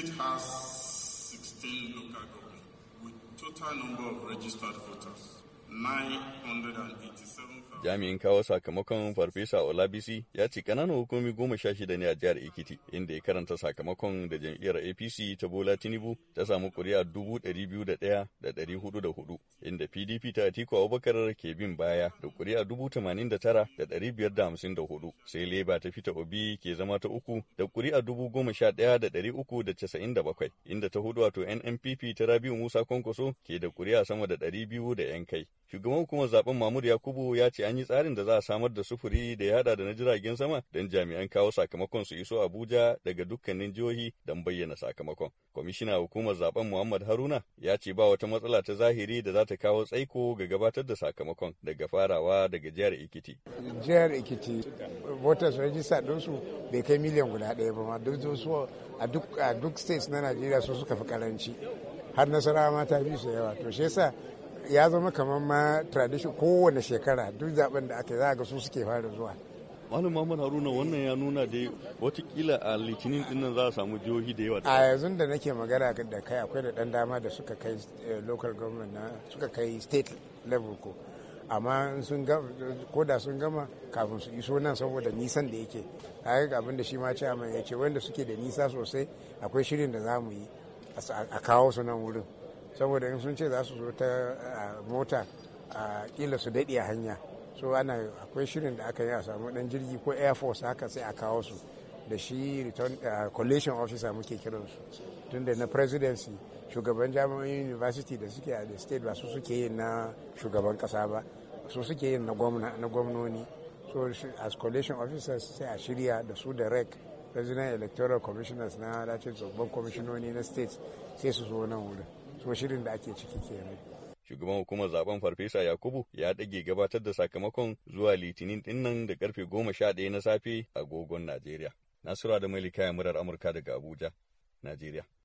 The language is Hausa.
state has 16 local governments with total number of registered voters. Jami'in kawo sakamakon Farfesa Olabisi ya ce ƙananan hukumi goma sha shida ne a jihar Ekiti, inda ya karanta sakamakon da jam'iyyar APC ta Bola Tinubu ta samu ƙuri'a dubu ɗari biyu da ɗaya da ɗari hudu da hudu, inda PDP ta Atiku Abubakar ke bin baya da ƙuri'a dubu tamanin da tara da ɗari biyar da hamsin da hudu, sai Leba ta fita Obi ke zama ta uku da ƙuri'a dubu goma sha ɗaya da ɗari uku da casa'in da bakwai, inda ta hudu wato NNPP ta Rabiu Musa Kwankwaso ke da ƙuri'a sama da ɗari biyu da 'yan kai. Shugaban hukumar zaben Mahmud Yakubu ya ce an yi tsarin da za a samar da sufuri da ya hada da na jiragen sama don jami'an kawo sakamakon su iso Abuja daga dukkanin jihohi don bayyana sakamakon. Kwamishina hukumar zaben Muhammad Haruna ya ce ba wata matsala ta zahiri da za ta kawo tsaiko ga gabatar da sakamakon daga farawa daga jihar ikiti. Jihar ikiti voters register su bai kai miliyan guda ɗaya ba ma duk su a duk states na Najeriya su suka fi karanci har nasarawa mata biyu fi su yawa to shi yasa ya zama kamar ma tradition kowane shekara duk zaben da aka yi za ga su suke fara zuwa malam Muhammad Haruna wannan ya nuna da watakila a litinin dinnan za a samu jihohi da yawa. A yanzu da nake magana da kai akwai da dan dama da suka kai eh, local government na suka kai state level ko. Amma sun ko da sun gama kafin su iso nan saboda nisan da yake. Kaga abin da shi ma ce ya ce wanda suke da nisa sosai akwai shirin da za mu yi a kawo su nan wurin. saboda in sun ce za su zo ta mota a kila su daɗe a hanya so ana akwai shirin da aka yi a samu ɗan jirgi ko air force haka sai a kawo su da shi return collation officer muke kiran su tunda na presidency shugaban jami'an university da suke a the state ba su suke yin na shugaban kasa ba su suke yin na gwamnoni so as collation officers sai a shirya da su da rec president electoral commissioners na dace babban kwamishinoni na state sai su zo nan wurin to shirin da ake ciki kenan shugaban hukumar zaben farfesa yakubu ya ɗage gabatar da sakamakon zuwa litinin dinnan da karfe goma sha ɗaya na safe a gogon najeriya nasura da mai murar amurka daga abuja najeriya